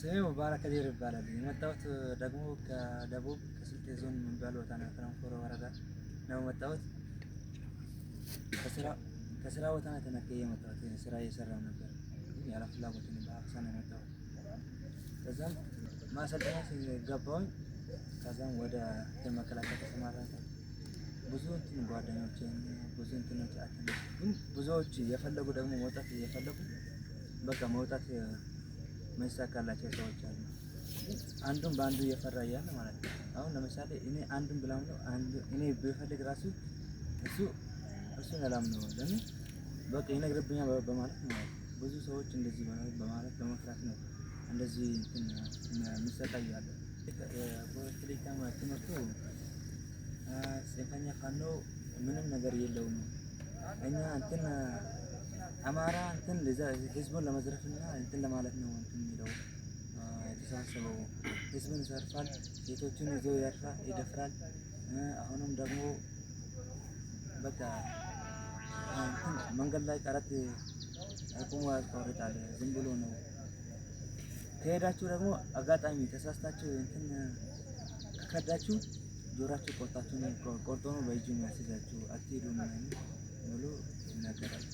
ስሜ ሙባረክ ከዲር ይባላል። የመጣሁት ደግሞ ከደቡብ ከስልጤ ዞን የሚባል ቦታ ነው፣ ከረንኮሮ ወረዳ ነው የመጣሁት። ከስራ ቦታ ነው ተነክዬ የመጣሁት። ስራ እየሰራሁ ነበር፣ ግን ያለ ፍላጎት በአፍሳ ነው የመጣሁት። ከዛም ማሰልጠኛ ሲገባውኝ፣ ከዛም ወደ መከላከያ ተሰማራ። ብዙ እንትን ጓደኞች ብዙ እንትኖች ግን ብዙዎች የፈለጉ ደግሞ መውጣት እየፈለጉ በቃ መውጣት መሳካላቸው ሰዎች አሉ። አንዱን በአንዱ እየፈራ እያለ ማለት ነው። አሁን ለምሳሌ እኔ አንዱን ብላም ነው አንዱ እኔ ብፈልግ ራሱ እሱ እሱ እሱን ነው ለምን በቃ ይነግርብኛ በማለት ነው። ብዙ ሰዎች እንደዚህ በማለት በመፍራት ነው እንደዚህ እንትን የሚሰቃዩ ፖለቲካ ትምህርቱ ጽንፈኛ ፋኖ ምንም ነገር የለውም እኛ እንትን አማራ እንትን ህዝቡን ለመዝረፍና እንትን ለማለት ነው እንትን የሚለው የተሳሰበው ህዝብን ይዘርፋል፣ ሴቶችን ይዞ ይደፍራል። አሁንም ደግሞ በቃ መንገድ ላይ ቀረጥ አቁሞ ያስቆርጣል። ዝም ብሎ ነው። ከሄዳችሁ ደግሞ አጋጣሚ ተሳስታችሁ እንትን ከከዳችሁ ጆራችሁ ቆርጣችሁ ቆርጦ ነው በእጁ የሚያስይዛችሁ አትሄዱ ምናምን ብሎ ይናገራል።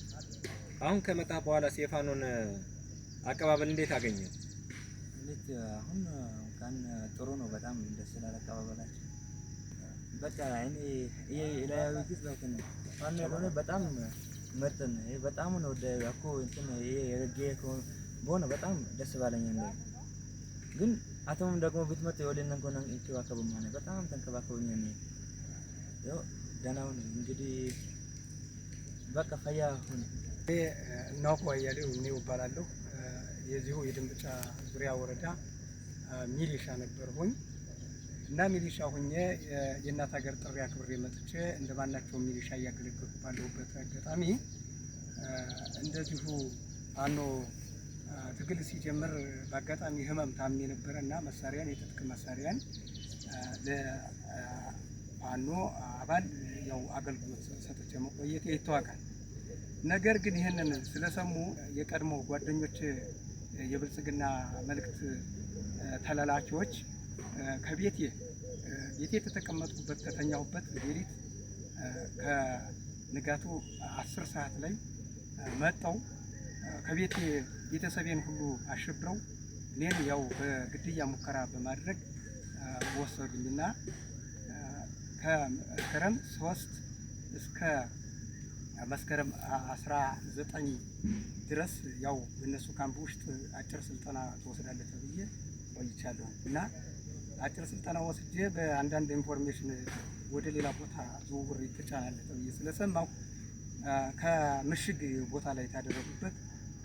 አሁን ከመጣ በኋላ ሴፋኑን አቀባበል እንዴት አገኘ? እንዴት አሁን እንኳን ጥሩ ነው። በጣም ደስ ይላል አቀባበላችን። በቃ እኔ ይሄ ላይ ግዝ ለከን ፋኖ የሆነ በጣም ምርጥ ነው። ይሄ በጣም ነው ወደ ደጋኮ እንትን ይሄ የረጌ በሆነ በጣም ደስ ባለኝ ነው። ግን አቶም ደግሞ ብትመጣ የወደነ እንኳን እንክባከብ ማለት በጣም ተንከባከቡኝ ነው። ያው ደህና ሁን እንግዲህ በቃ ፈያ ሁን እኔ ናውቆ አያሌው እኔ እባላለሁ። የዚሁ የደንበጫ ዙሪያ ወረዳ ሚሊሻ ነበርሁኝ እና ሚሊሻ ሁኜ የእናት ሀገር ጥሪ አክብሬ መጥቼ እንደማናቸው ሚሊሻ እያገለገልኩ ባለሁበት አጋጣሚ እንደዚሁ አኖ ትግል ሲጀምር በአጋጣሚ ህመም ታሜ ነበረ እና መሳሪያን የትጥቅ መሳሪያን ለአኖ አባል ያው አገልግሎት ሰጥቼ መቆየት ይታወቃል። ነገር ግን ይህንን ስለሰሙ የቀድሞ ጓደኞች የብልጽግና መልእክት ተላላኪዎች ከቤቴ ቤቴ የተቀመጥኩበት ከተኛሁበት ሌሊት ከንጋቱ አስር ሰዓት ላይ መጠው ከቤቴ ቤተሰቤን ሁሉ አሸብረው እኔን ያው በግድያ ሙከራ በማድረግ ወሰዱኝና ከመስከረም ሶስት እስከ መስከረም 19 ድረስ ያው በእነሱ ካምፕ ውስጥ አጭር ስልጠና ትወስዳለህ ተብዬ ቆይቻለሁ እና አጭር ስልጠና ወስጄ በአንዳንድ ኢንፎርሜሽን ወደ ሌላ ቦታ ዝውውር ትጫናለህ ተብዬ ስለሰማሁ ከምሽግ ቦታ ላይ ታደረጉበት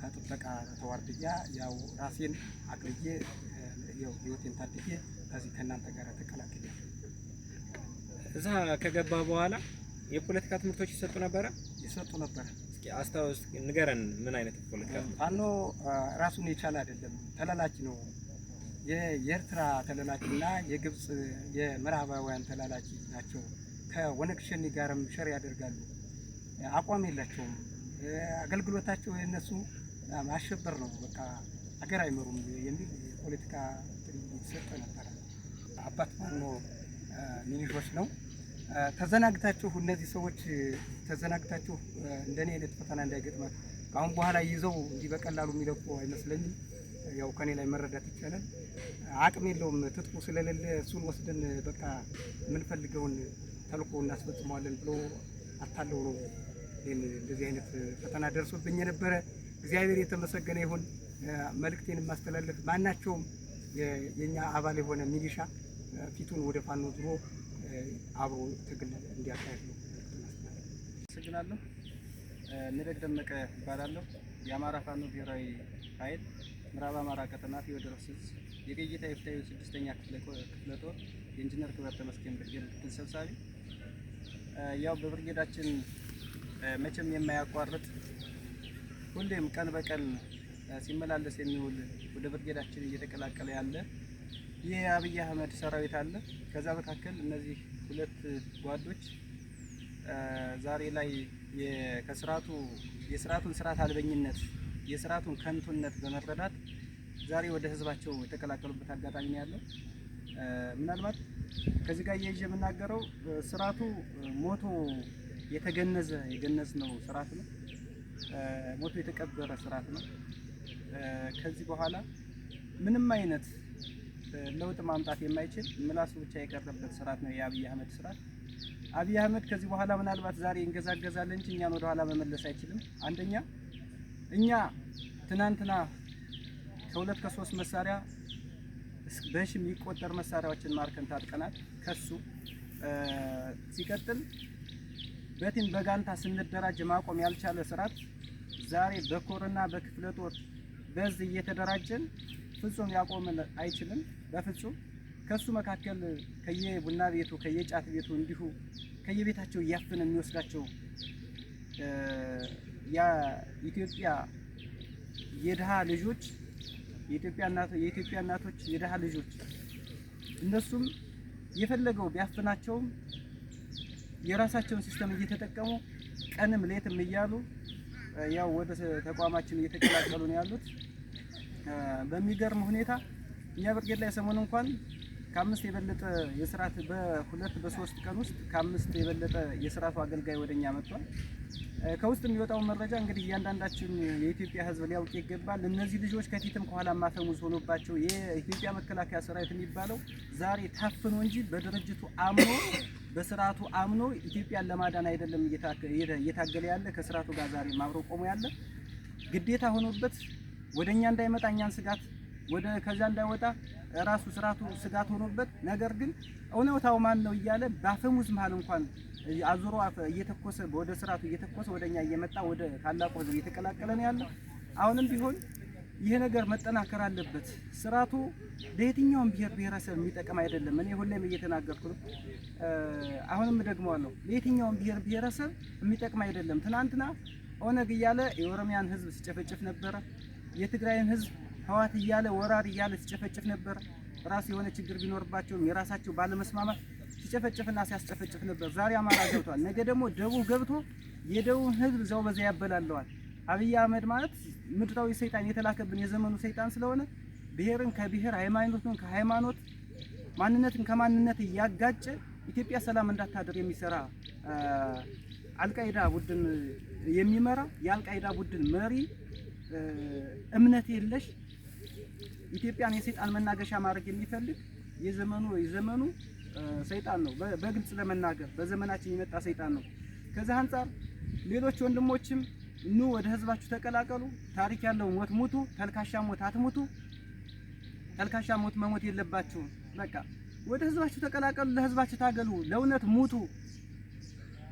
ከጥበቃ ተዋርድያ ያው ራሴን አቅልዬ ህይወቴን ታድጌ ከዚህ ከእናንተ ጋር ተቀላቅያለሁ። እዛ ከገባ በኋላ የፖለቲካ ትምህርቶች ይሰጡ ነበረ። ይሰጡ ነበር። እስኪ አስታውስ ንገረን፣ ምን አይነት ፖለቲካ? ፋኖ ራሱን የቻለ አይደለም፣ ተላላኪ ነው። የኤርትራ ተላላኪና የግብፅ የምዕራባውያን ተላላኪ ናቸው። ከወነግ ሸኔ ጋርም ሸር ያደርጋሉ። አቋም የላቸውም። አገልግሎታቸው የነሱ ማሸበር ነው። በቃ ሀገር አይመሩም የሚል የፖለቲካ ትርኢት ይሰጠ ነበረ። አባት ፋኖ ሚኒሾች ነው። ተዘናግታችሁ እነዚህ ሰዎች ተዘናግታችሁ እንደኔ አይነት ፈተና እንዳይገጥማት ከአሁን በኋላ ይዘው እንዲህ በቀላሉ የሚለቁ አይመስለኝም። ያው ከኔ ላይ መረዳት ይቻላል። አቅም የለውም ትጥቁ ስለሌለ እሱን ወስደን በቃ የምንፈልገውን ተልእኮ እናስፈጽመዋለን ብሎ አታለው ነው። እንደዚህ አይነት ፈተና ደርሶብኝ የነበረ እግዚአብሔር የተመሰገነ ይሁን። መልእክቴን የማስተላለፍ ማናቸውም የእኛ አባል የሆነ ሚሊሻ ፊቱን ወደ ፋኖ ዙሮ አብሮ ትግል እንዲያካሄድ ነው። አመሰግናለሁ። ንደግ ደመቀ ይባላለሁ። የአማራ ፋኖ ብሔራዊ ኃይል ምዕራብ አማራ ቀጠና ቴዎድሮስ ዕዝ የጌታ ይፍታሔ ስድስተኛ ክፍለ ጦር የኢንጂነር ክብረት ተመስገን ብርጌድ ምክትል ሰብሳቢ። ያው በብርጌዳችን መቼም የማያቋርጥ ሁሌም ቀን በቀን ሲመላለስ የሚውል ወደ ብርጌዳችን እየተቀላቀለ ያለ የአብይ አህመድ ሰራዊት አለ። ከዛ መካከል እነዚህ ሁለት ጓዶች ዛሬ ላይ ከስርዓቱ የስርዓቱን ስርዓት አልበኝነት የስርዓቱን ከንቱነት በመረዳት ዛሬ ወደ ህዝባቸው የተቀላቀሉበት አጋጣሚ ያለው ምናልባት ከዚህ ጋር እየይዤ የምናገረው ስርዓቱ ሞቶ የተገነዘ የገነዝ ነው ስርዓት ነው። ሞቶ የተቀበረ ስርዓት ነው። ከዚህ በኋላ ምንም አይነት ለውጥ ማምጣት የማይችል ምላሱ ብቻ የቀረበት ስርዓት ነው የአብይ አህመድ ስርዓት። አብይ አህመድ ከዚህ በኋላ ምናልባት ዛሬ እንገዛገዛለን እንጂ እኛን ወደኋላ መመለስ አይችልም። አንደኛ እኛ ትናንትና ከሁለት ከሶስት መሳሪያ በሺ የሚቆጠር መሳሪያዎችን ማርከን ታጥቀናል። ከሱ ሲቀጥል በቲም በጋንታ ስንደራጅ ማቆም ያልቻለ ስርዓት ዛሬ በኮርና በክፍለ ጦር በዚህ እየተደራጀን ፍጹም ያቆምን አይችልም። በፍጹም ከሱ መካከል ከየቡና ቤቱ ከየጫት ቤቱ እንዲሁ ከየቤታቸው እያፈነ የሚወስዳቸው የኢትዮጵያ የድሃ ልጆች የኢትዮጵያ እናቶች የድሃ ልጆች እነሱም የፈለገው ቢያፍናቸውም የራሳቸውን ሲስተም እየተጠቀሙ ቀንም ሌትም እያሉ ያው ወደ ተቋማችን እየተቀላቀሉ ነው ያሉት በሚገርም ሁኔታ እኛ ብርጌድ ላይ ሰሞን እንኳን ከአምስት የበለጠ የስርዓት በሁለት በሶስት ቀን ውስጥ ከአምስት የበለጠ የስርዓቱ አገልጋይ ወደኛ መጥቷል። ከውስጥ የሚወጣው መረጃ እንግዲህ እያንዳንዳችን የኢትዮጵያ ሕዝብ ሊያውቅ ይገባል። እነዚህ ልጆች ከፊትም ከኋላ ማፈሙዝ ሆኖባቸው የኢትዮጵያ መከላከያ ሰራዊት የሚባለው ዛሬ ታፍኖ እንጂ በድርጅቱ አምኖ በስርዓቱ አምኖ ኢትዮጵያን ለማዳን አይደለም እየታገለ ያለ ከስርዓቱ ጋር ዛሬ ማብሮ ቆሞ ያለ ግዴታ ሆኖበት ወደኛ እንዳይመጣ እኛን ስጋት ወደ ከዛ እንዳይወጣ ራሱ ስራቱ ስጋት ሆኖበት፣ ነገር ግን እውነታው ማን ነው እያለ በአፈሙዝ መሀል እንኳን አዙሮ እየተኮሰ ወደ ስርዓቱ እየተኮሰ ወደኛ እየመጣ ወደ ታላቁ ህዝብ እየተቀላቀለ ነው ያለ። አሁንም ቢሆን ይሄ ነገር መጠናከር አለበት። ስርዓቱ ለየትኛውም ብሔር ብሔረሰብ የሚጠቅም አይደለም። እኔ ሁሌም እየተናገርኩ ነው፣ አሁንም ደግመዋለሁ። ለየትኛውም ብሔር ብሔረሰብ የሚጠቅም አይደለም። ትናንትና ኦነግ እያለ የኦሮሚያን ህዝብ ሲጨፈጭፍ ነበረ። የትግራይን ህዝብ ህዋት እያለ ወራር እያለ ሲጨፈጭፍ ነበር። ራሱ የሆነ ችግር ቢኖርባቸውም የራሳቸው ባለመስማማት ሲጨፈጭፍና ሲያስጨፈጭፍ ነበር። ዛሬ አማራ ገብቷል፣ ነገ ደግሞ ደቡብ ገብቶ የደቡብ ህዝብ ዘው በዛ ያበላለዋል። አብይ አህመድ ማለት ምድራዊ ሰይጣን የተላከብን የዘመኑ ሰይጣን ስለሆነ ብሔርን ከብሔር ሃይማኖትን ከሃይማኖት ማንነትን ከማንነት እያጋጨ ኢትዮጵያ ሰላም እንዳታደር የሚሰራ አልቃይዳ ቡድን የሚመራ የአልቃይዳ ቡድን መሪ እምነት የለሽ ኢትዮጵያን የሰይጣን መናገሻ ማድረግ የሚፈልግ የዘመኑ የዘመኑ ሰይጣን ነው። በግልጽ ለመናገር በዘመናችን የመጣ ሰይጣን ነው። ከዚህ አንጻር ሌሎች ወንድሞችም ኑ ወደ ህዝባችሁ ተቀላቀሉ። ታሪክ ያለው ሞት ሙቱ፣ ተልካሻ ሞት አትሙቱ። ተልካሻ ሞት መሞት የለባችሁም። በቃ ወደ ህዝባችሁ ተቀላቀሉ፣ ለህዝባችሁ ታገሉ፣ ለእውነት ሙቱ።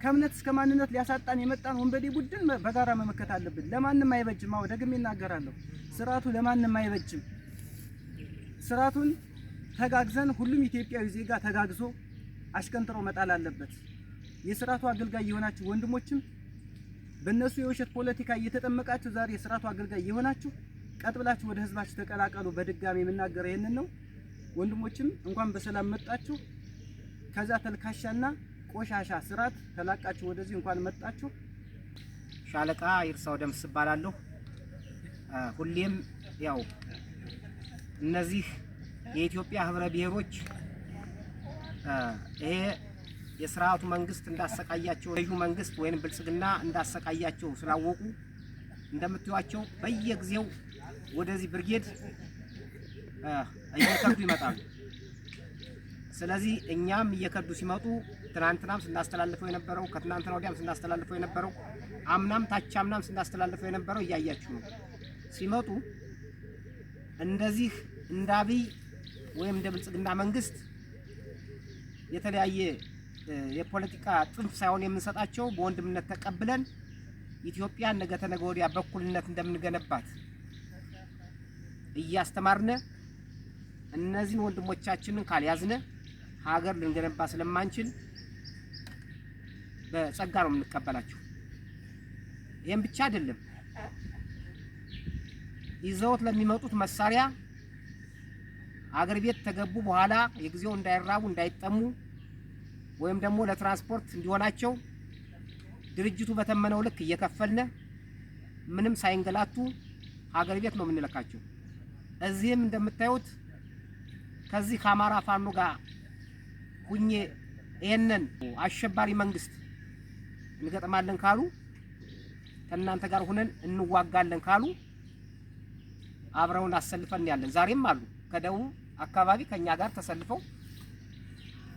ከእምነት እስከ ማንነት ሊያሳጣን የመጣን ወንበዴ ቡድን በጋራ መመከት አለብን። ለማንም አይበጅም። አዎ ደግሜ እናገራለሁ፣ ስርዓቱ ለማንም አይበጅም። ስርዓቱን ተጋግዘን ሁሉም ኢትዮጵያዊ ዜጋ ተጋግዞ አሽቀንጥሮ መጣል አለበት። የስርዓቱ አገልጋይ የሆናችሁ ወንድሞችም በእነሱ የውሸት ፖለቲካ እየተጠመቃችሁ ዛሬ የስርዓቱ አገልጋይ የሆናችሁ ቀጥ ብላችሁ ወደ ህዝባችሁ ተቀላቀሉ። በድጋሚ የምናገረው ይህንን ነው። ወንድሞችም እንኳን በሰላም መጣችሁ። ከዛ ተልካሻና ቆሻሻ ስርዓት ተላቃችሁ ወደዚህ እንኳን መጣችሁ። ሻለቃ ይርሳው ደምስ እባላለሁ። ሁሌም ያው እነዚህ የኢትዮጵያ ህብረ ብሔሮች ይሄ የስርዓቱ መንግስት እንዳሰቃያቸው ልዩ መንግስት ወይም ብልጽግና እንዳሰቃያቸው ስላወቁ እንደምትዩዋቸው በየጊዜው ወደዚህ ብርጌድ እየከዱ ይመጣሉ። ስለዚህ እኛም እየከዱ ሲመጡ ትናንትናም ስናስተላልፈው የነበረው ከትናንትና ወዲያም ስናስተላልፈው የነበረው አምናም ታች አምናም ስናስተላልፈው የነበረው እያያችሁ ነው። ሲመጡ እንደዚህ እንደ አብይ ወይም እንደ ብልጽግና መንግስት የተለያየ የፖለቲካ ጥንፍ ሳይሆን የምንሰጣቸው በወንድምነት ተቀብለን ኢትዮጵያን ነገ ተነገ ወዲያ በኩልነት እንደምንገነባት እያስተማርነ እነዚህን ወንድሞቻችንን ካልያዝነ ሀገር ልንገነባ ስለማንችል በጸጋ ነው የምንቀበላቸው። ይህም ብቻ አይደለም፣ ይዘውት ለሚመጡት መሳሪያ አገር ቤት ተገቡ በኋላ የጊዜው እንዳይራቡ እንዳይጠሙ ወይም ደግሞ ለትራንስፖርት እንዲሆናቸው ድርጅቱ በተመነው ልክ እየከፈልነ ምንም ሳይንገላቱ ሀገር ቤት ነው የምንለካቸው። እዚህም እንደምታዩት ከዚህ ከአማራ ፋኖ ጋር ሁኜ ይሄንን አሸባሪ መንግስት እንገጥማለን ካሉ ከእናንተ ጋር ሁነን እንዋጋለን ካሉ አብረውን አሰልፈን ያለን ዛሬም አሉ። ከደቡብ አካባቢ ከኛ ጋር ተሰልፈው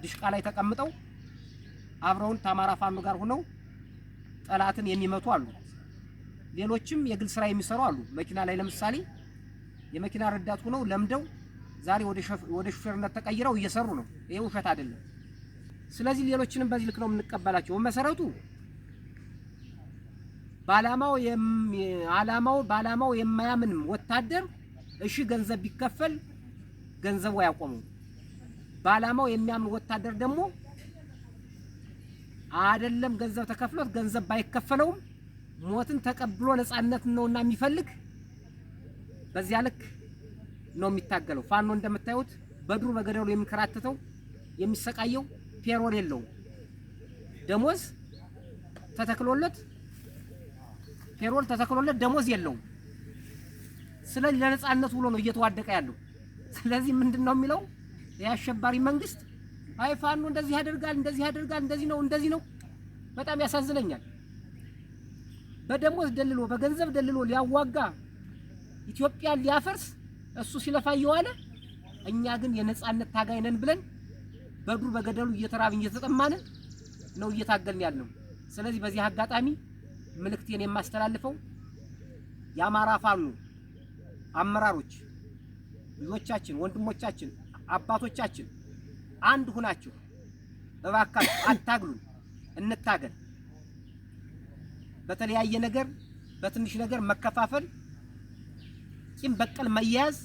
ድሽቃ ላይ ተቀምጠው አብረውን ታማራ ፋኖ ጋር ሆነው ጠላትን የሚመቱ አሉ። ሌሎችም የግል ስራ የሚሰሩ አሉ። መኪና ላይ ለምሳሌ የመኪና ረዳት ሆነው ለምደው ዛሬ ወደ ሹፌርነት ተቀይረው እየሰሩ ነው። ይሄ ውሸት አይደለም። ስለዚህ ሌሎችንም በዚህ ልክ ነው የምንቀበላቸው። መሰረቱ ባላማው የማያምን ወታደር እሺ ገንዘብ ቢከፈል ገንዘቡ አያቆመው። በዓላማው የሚያምን ወታደር ደግሞ አደለም ገንዘብ ተከፍሎት ገንዘብ ባይከፈለውም ሞትን ተቀብሎ ነጻነት ነውና የሚፈልግ በዚያ ልክ ነው የሚታገለው። ፋኖ እንደምታዩት በዱር በገደሉ የሚከራተተው የሚሰቃየው ፔሮል የለውም። ደሞዝ ተተክሎለት ፔሮል ተተክሎለት ደሞዝ የለውም። ስለዚህ ለነጻነት ብሎ ነው እየተዋደቀ ያለው። ስለዚህ ምንድን ነው የሚለው የአሸባሪ መንግስት አይ ፋኖ እንደዚህ ያደርጋል እንደዚህ ያደርጋል እንደዚህ ነው እንደዚህ ነው። በጣም ያሳዝነኛል። በደሞዝ ደልሎ በገንዘብ ደልሎ ሊያዋጋ ኢትዮጵያን ሊያፈርስ እሱ ሲለፋ እየዋለ እኛ ግን የነጻነት ታጋይ ነን ብለን በዱር በገደሉ እየተራብን እየተጠማን ነው እየታገልን ያለው ስለዚህ በዚህ አጋጣሚ ምልክቴን የማስተላልፈው የአማራ ፋኖ አመራሮች ልጆቻችን፣ ወንድሞቻችን፣ አባቶቻችን አንድ ሁናችሁ እባካችሁ አታግሉን፣ እንታገል። በተለያየ ነገር በትንሽ ነገር መከፋፈል፣ ቂም በቀል መያያዝ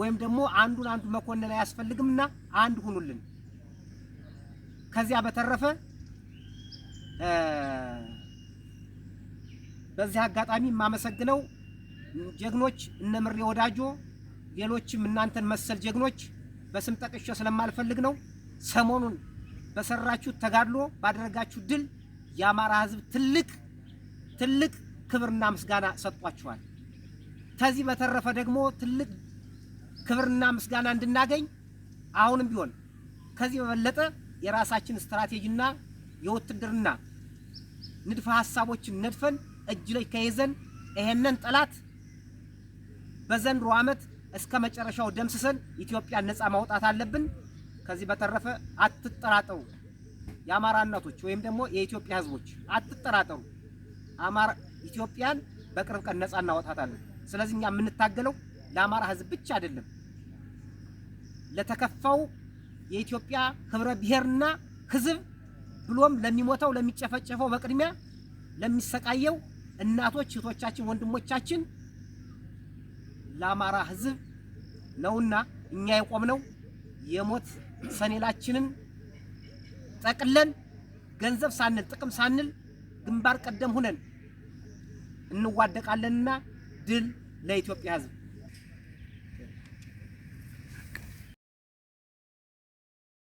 ወይም ደግሞ አንዱን አንዱ መኮንን አያስፈልግምና አንድ ሁኑልን። ከዚያ በተረፈ በዚህ አጋጣሚ የማመሰግነው ጀግኖች እነ ምሬ ወዳጆ ሌሎችም እናንተን መሰል ጀግኖች በስም ጠቅሼ ስለማልፈልግ ነው። ሰሞኑን በሰራችሁ ተጋድሎ ባደረጋችሁ ድል የአማራ ሕዝብ ትልቅ ትልቅ ክብርና ምስጋና ሰጥቷችኋል። ከዚህ በተረፈ ደግሞ ትልቅ ክብርና ምስጋና እንድናገኝ አሁንም ቢሆን ከዚህ በበለጠ የራሳችን ስትራቴጂና የውትድርና ንድፈ ሀሳቦችን ነድፈን እጅ ላይ ከይዘን ይሄንን ጠላት በዘንድሮ ዓመት እስከ መጨረሻው ደምስሰን ኢትዮጵያን ነፃ ማውጣት አለብን። ከዚህ በተረፈ አትጠራጠሩ። የአማራ እናቶች ወይም ደግሞ የኢትዮጵያ ህዝቦች አትጠራጠሩ። አማራ ኢትዮጵያን በቅርብ ቀን ነፃ እናወጣታለን። ስለዚህ እኛ የምንታገለው ለአማራ ህዝብ ብቻ አይደለም፣ ለተከፋው የኢትዮጵያ ህብረ ብሔርና ህዝብ ብሎም ለሚሞተው ለሚጨፈጨፈው፣ በቅድሚያ ለሚሰቃየው እናቶች፣ እህቶቻችን፣ ወንድሞቻችን ለአማራ ህዝብ ነውና እኛ የቆምነው የሞት ሰኔላችንን ጠቅለን ገንዘብ ሳንል ጥቅም ሳንል ግንባር ቀደም ሁነን እንዋደቃለንና ድል ለኢትዮጵያ ህዝብ።